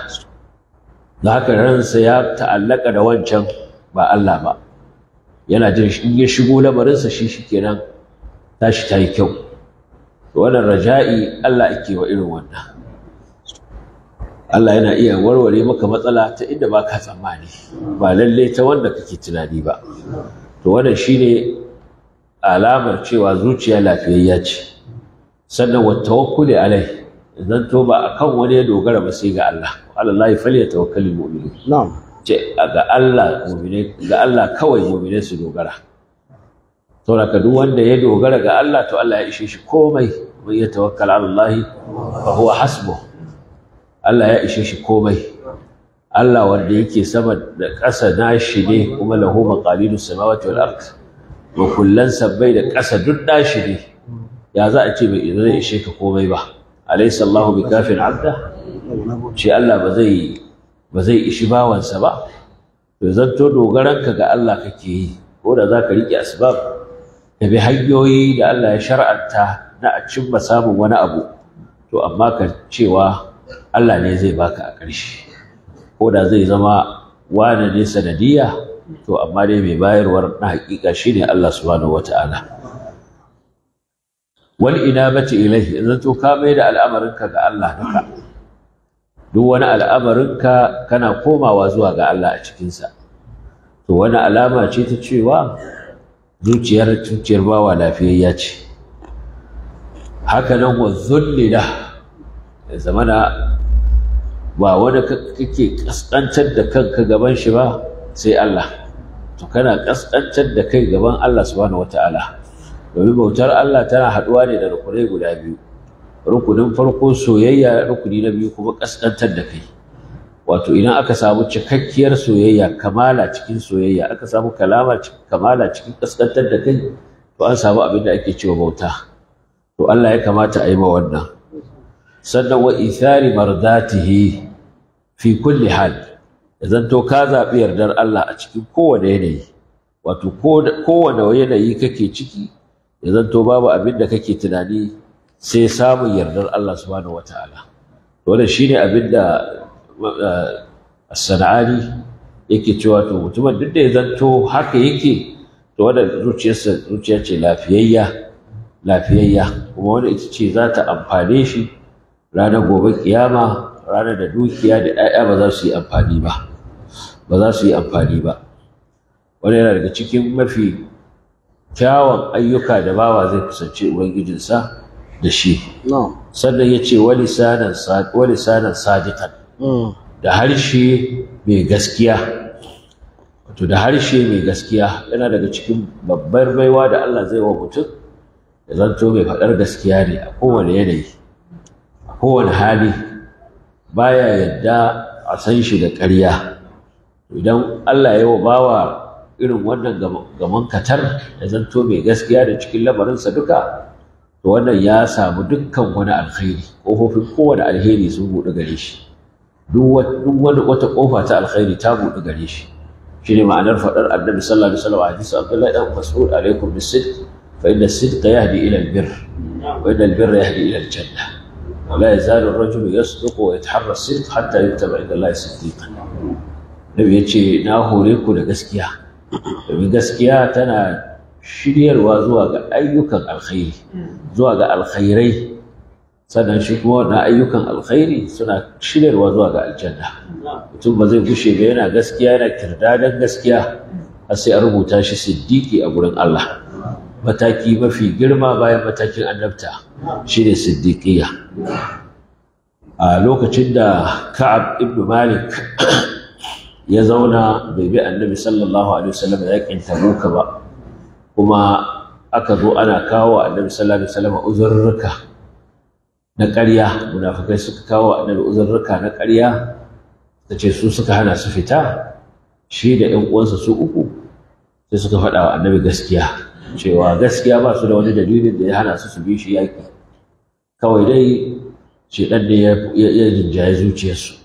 da haka ransa ya ta'allaka da wancan ba Allah ba yana jin in ya shigo lamarinsa shi shikenan tashi ta yi kyau wannan raja'i Allah yake wa irin wannan Allah yana iya warware maka matsala ta inda baka tsammani ba lalle ta wanda kake tunani ba to wannan shine alamar cewa zuciya lafiyayya ce sannan wa tawakkuli alai idan to ba akan wani ya dogara ba sai ga Allah alallahi falyatawakkalul mu'minun na'am ce ga Allah mu'mine ga Allah kawai mu'mine su dogara saboda duk wanda ya dogara ga Allah to Allah ya ishe shi komai wa ya tawakkal alallahi fa huwa hasbuh Allah ya ishe shi komai Allah wanda yake sama da ƙasa nashi ne kuma lahu maqalidu samawati wal ard wa kullan sabbai da ƙasa duk nashi ne ya za a ce bai zai ishe ka komai ba alaysa Allahu bikafin abda shi Allah ba zai ishi bawansa ba to zanto dogaranka ga Allah kake yi ko da zaka rike asbab da bi hanyoyi da Allah ya shar'anta na a cimma samun wani abu to amma ka cewa Allah ne zai baka a ƙarshe ko da zai zama wane ne sanadiyya to amma dai mai bayarwar na haƙiƙa shi ne Allah subhanahu wani wal inabati ilai zanto ka mai da al'amarinka ga Allah duka duk wani al'amarinka kana komawa zuwa ga Allah a cikinsa to wani alama ce ta cewa zuciyar zuciyar bawa lafiyayya ce haka nan wa zullila ya zamana ba wani kake kaskantar da kanka gaban shi ba sai Allah to kana kaskantar da kai gaban Allah subhanahu wataala domin bautar Allah tana haɗuwa ne da rukunai guda biyu rukunin farko soyayya rukuni na biyu kuma kaskantar da kai wato idan aka samu cikakkiyar soyayya kamala cikin soyayya aka samu kalama kamala cikin kaskantar da kai to an samu abin da ake cewa bauta to Allah ya kamata a yi ma wannan sannan wa ithari mardatihi fi kulli hal idan to ka zaɓi yardar Allah a cikin kowane yanayi wato kowane yanayi kake ciki ya zanto babu abin da kake tunani sai samun yardar Allah subhanahu wataala wannan shine abin da eh, as-sanani yake cewa to mutumin duk da ya zanto haka yake to wannan zuciyarsa zuciya ce lafiyayya lafiyayya kuma wanda ita ce za ta amfane shi ranar gobe kiyama ranar da dukiya da 'ya'ya ba za su yi amfani ba ba za su yi amfani ba wani yana daga cikin mafi kyawun ayyuka da bawa zai kusance ubangijinsa da shi sannan ya ce wani sadikan mm. da harshe mai gaskiya wato da harshe mai gaskiya yana daga cikin babbar baiwa da Allah zai wa mutum ya zanto mai faɗar gaskiya ne a kowane yanayi a kowane hali baya yadda a san shi da ƙarya idan Allah ya wa bawa irin wannan gaman katar ya zanto mai gaskiya da cikin lamarinsa duka to wannan ya samu dukkan wani alkhairi kofofin kowane alheri sun buɗe gare shi duk wani wata kofa ta alkhairi ta buɗe gare shi shine ma'anar faɗar annabi sallallahu alaihi wasallam a hadisi Abdullahi dan Mas'ud alaikum bisidq fa inna sidq yahdi ila albirr wa inna albirra yahdi ila aljanna wa la yazalu ar-rajulu yasduqu wa yataharra as-sidq hatta yuktaba inda Allah siddiqan nabi yace na hore ku da gaskiya domin gaskiya tana shiryarwa zuwa ga ayyukan alkhairi hmm. zuwa ga alkhairai sannan shi kuma wannan ayyukan alkhairi suna shiryarwa zuwa ga aljanna hmm. mutum ba zai gushe ba yana gaskiya yana kirdadan gaskiya hmm. A sai a rubuta shi siddiqi a gurin Allah mataki mafi girma bayan matakin annabta shine siddiqiyya a lokacin da Ka'ab ibn Malik ya zauna bai bi annabi sallallahu alaihi wasallam yakin Tabuka ba kuma aka zo ana kawo annabi sallallahu alaihi wasallam uzurruka na ƙarya munafikai suka kawo annabi uzurruka na ƙarya ta ce su suka hana su fita shi da ƴan uwansa su uku sai suka faɗa wa annabi gaskiya cewa gaskiya ba su da wani dalilin da ya hana su su bi shi yaƙi kawai dai shi ɗan ne ya jinjaye zuciyarsu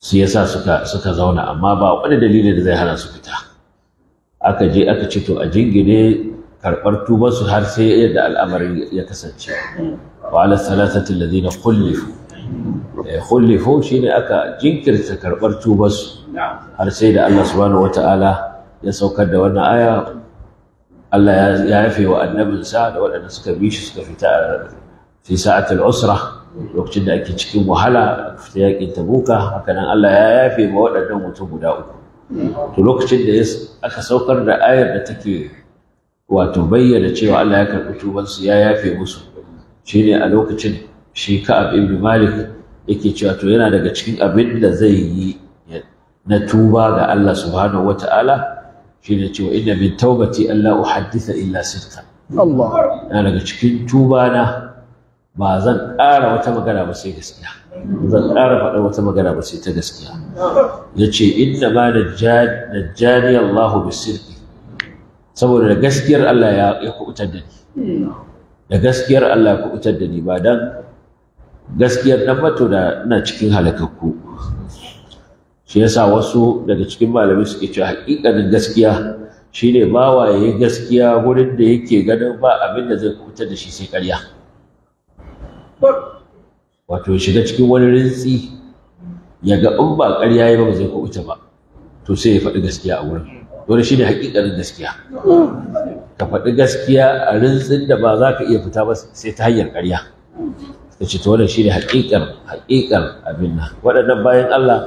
su yasa suka zauna amma ba wani dalilin da zai hana su fita aka je aka ce to a jingine karɓar tubansu har sai yadda al'amarin ya kasance wa ala salatati alladhina khulifu eh, khulifu shine aka jinkirta karɓar tubansu har sai da Allah subhanahu wata'ala ya saukar da wannan aya Allah ya yafe wa sa da waɗanda suka bi shi suka fita fi sa'atul usra lokacin da ake cikin wahala fita yakin tabuka haka nan Allah ya yafe ma waɗannan mutum guda uku to lokacin da aka saukar da ayar da take wato bayyana cewa Allah ya karɓi tubansu ya yafe musu ne a lokacin shi Ka'ab ibn Malik yake cewa to yana daga cikin abin da zai yi na tuba ga Allah subhanahu wata'ala shine cewa inna min taubati alla uhaddisa illa sirran Allah yana daga cikin tuba na ba zan ƙara wata magana ba sai gaskiya zan ƙara faɗa wata magana ba sai ta gaskiya ya ce inda ma najjani Allahu bi sirri saboda da gaskiyar Allah ya kubutar da ni da gaskiyar Allah ya kubutar da ni ba don gaskiyar nan ba da ina cikin halakakku shi yasa wasu daga cikin malami suke cewa haƙiƙanin gaskiya shine bawa yayi gaskiya wurin da yake ganin ba abin da zai kubutar da shi sai ƙarya wato shiga cikin wani rintsi ya ga in ba ƙarya ya ba ba zai kuɓuta ba to sai ya faɗi gaskiya a wurin dole shi ne haƙiƙarin gaskiya ka faɗi gaskiya a rintsin da ba za ka iya fita ba sai ta hanyar ƙarya ta ce to wannan shi ne haƙiƙar abin nan waɗannan bayan Allah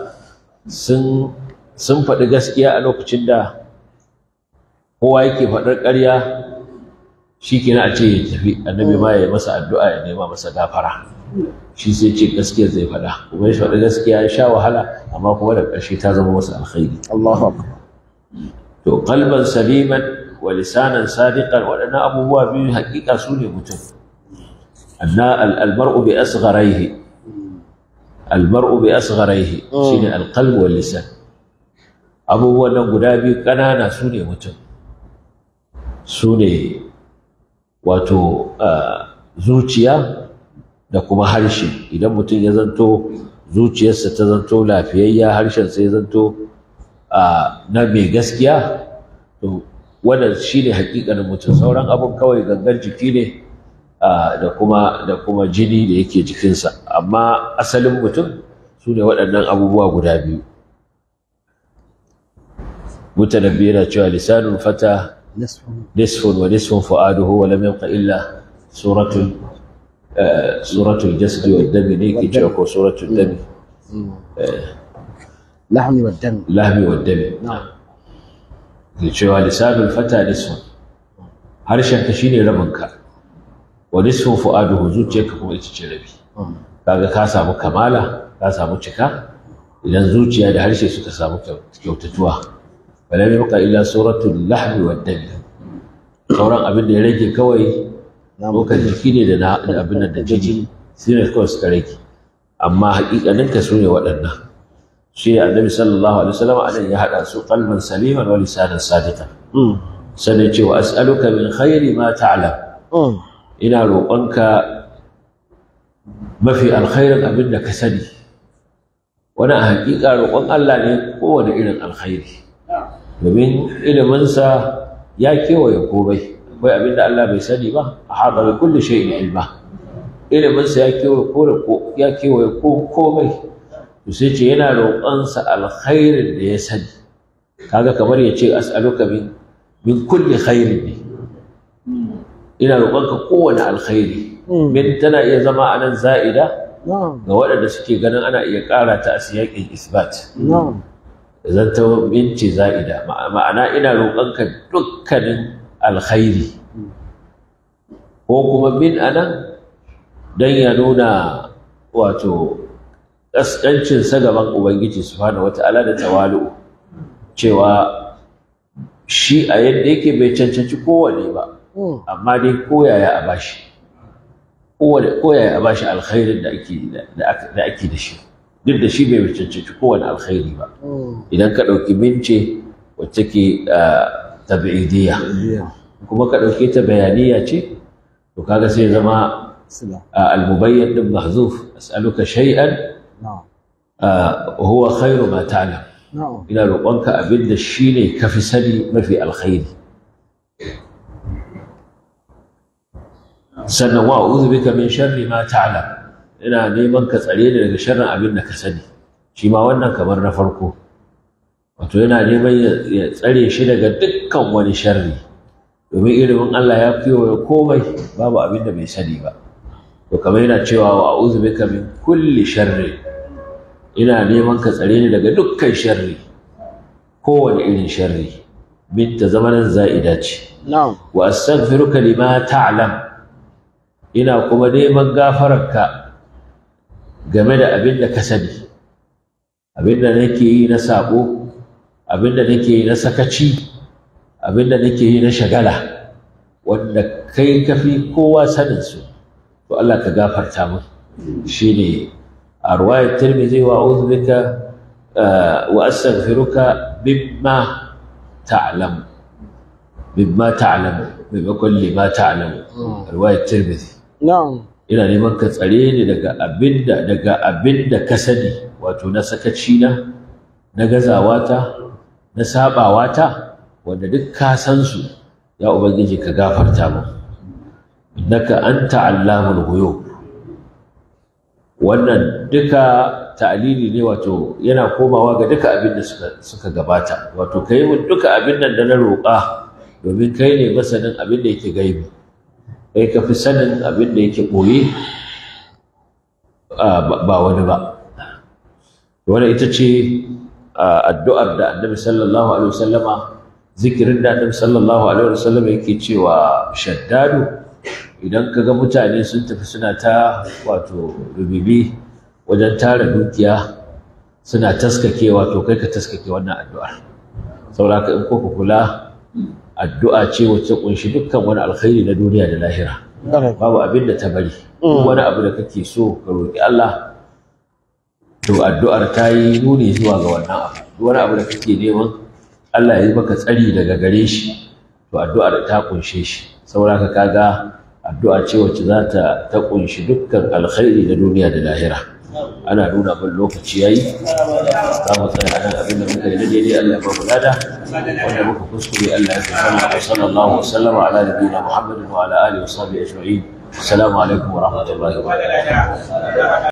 sun sun faɗi gaskiya a lokacin da kowa yake faɗar ƙarya shi kenan a ce ya tafi annabi ma ya masa addu'a ya nema masa gafara shi sai ce gaskiya zai faɗa kuma ya faɗa gaskiya ya sha wahala amma kuma da ƙarshe ta zama masa alkhairi Allahu akbar to qalban saliman wa lisanan sadiqan waɗannan abubuwa biyu haƙiƙa su ne mutum anna al-mar'u bi asgharaihi al-mar'u bi asgharaihi shine al-qalb wal lisan abubuwan nan guda biyu ƙanana su ne mutum su ne wato eh, zuciya da kuma harshe idan mutum ya zanto zuciyarsa ta zanto lafiyayya harshen sai ya zanto na mai gaskiya to wannan shine hakikanin mutum sauran abun kawai gangar jiki ne da kuma da kuma jini da yake jikinsa amma asalin mutum su ne waɗannan abubuwa guda biyu mutanabbi yana cewa lisanin fata wa نصف ونصف فؤاده ولم يبق إلا سورة آه سورة الجسد والدم ليكي جاكو سورة الدم آه لحم Lahmi wa والدم Ke cewa lisanul fata nisfun harshen ka shine rabin ka wa nisfun fu'aduhu zuciyarka kuma ita ce rabi mm. kaga ka samu kamala ka samu cika idan zuciya da harshe suka samu kyautatuwa falam yabqa illa suratul lahmi wad dami sauran abin da ya rage kawai lokacin jiki ne da abin da jini shi ne kawai suka rage amma hakikaninka su ne waɗannan shi ne annabi sallallahu alaihi wasallam anan ya haɗa su qalban saliman wa lisanan Sadiqa? Mm. sannan ce wa as'aluka min khairi ma ta'lam mm. ina roƙonka mafi alkhairin abin da ka sani wani a hakika roƙon Allah ne kowane irin alkhairi domin iliminsa ya kewaye komai akwai abin da Allah bai sani ba a haɗa da kulle shi ilma iliminsa ya kewaye komai to sai ce yana roƙonsa alkhairin da ya sani kaga kamar ya ce as'aluka min min kulli khairin ne ina roƙonka kowane alkhairi hmm. min tana iya zama anan za'ida ga waɗanda suke ganin ana iya ƙara ta a siyaƙin isbat zanto minci za'ida ma'ana ina roƙonka dukkanin alkhairi ko kuma min anan don ya nuna wato ƙasƙancinsa gaban ubangiji subhanahu wata'ala da tawalu cewa shi a yadda yake bai cancanci kowane ba amma dai koyaya a bashi koyaya a bashi alkhairin da ake da shi duk da shi bai cancanci kowane alkhairi ba hmm. idan ka ɗauki mince wacce ke ah, tabi'idiyya kuma ka ɗauke ta bayaniya ce to kaga sai zama ah, al-mubayyan din mahzuf as'aluka shay'an ah, huwa khairu ma ta'lam ina roƙonka abin da shine kafi sani mafi alkhairi sannan wa a'udhu bika min sharri ma ta'lam ina neman ka tsare ni daga sharrin abin da ka sani shi ma wannan kamar na farko wato yana neman ya tsare shi daga dukkan wani sharri domin ilimin Allah ya wa komai babu abin da bai sani ba to kamar yana cewa wa a'udhu bika min kulli sharri ina neman ka tsare ni daga dukkan sharri kowane irin sharri binta zamanin za'ida ce na'am wa astaghfiruka lima ta'lam ina kuma neman gafararka game da abin da ka sani abin da nake yi na saƙo abin da nake yi na sakaci abin da nake yi na shagala wanda kai ka fi kowa sanin su to Allah ka gafarta min shine a ruwayar tirmidhi wa a'udhu bika eh, wa astaghfiruka mimma ta'lam mimma ta'lam maimakon lima ta'lam hmm. ruwayar tirmidhi na'am ina neman ka tsare ni daga abinda daga abinda ka sani wato na sakaci na na gazawa ta na sabawa ta wanda duk ka san su ya ubangiji ka gafarta mu innaka anta allamul ghuyub wannan duka ta'alili ne wato yana komawa ga duka abin da suka suka gabata wato kai mu duka abin nan da na roƙa domin kai ne masanin abin da yake gaibi kai eh, ka fi sanin abin da yake ɓoye ah, ba wani ba wani ita ce ah, addu'ar da annabi sallallahu alaihi wasallama zikirin da annabi sallallahu alaihi wasallama yake cewa shaddadu idan ka ga mutane sun tafi suna ta wato rubibi wajen tara dukiya suna taskakewa to kai ka taskake wannan addu'ar saboda ka in ko ku kula addu'a ce wacce kunshi dukkan wani alkhairi na duniya da lahira babu abin da ta bari mm. wani abu da kake so ka roki Allah to addu'ar ta yi nuni zuwa ga wannan abu wani abu da kake neman Allah ya yi maka tsari daga gare shi to addu'ar ta kunshe shi saboda ka kaga addu'a ce wacce za ta ta kunshi dukkan alkhairi na duniya da lahira ana nuna min lokaci yayi za mu tsaya nan abinda muka yi daidai Allah ya ba mu lada wanda muka kuskure Allah ya tsara na sallallahu alaihi wa sallama ala nabiyina Muhammadin wa ala alihi wa sahbihi ajma'in assalamu alaikum wa rahmatullahi wa barakatuh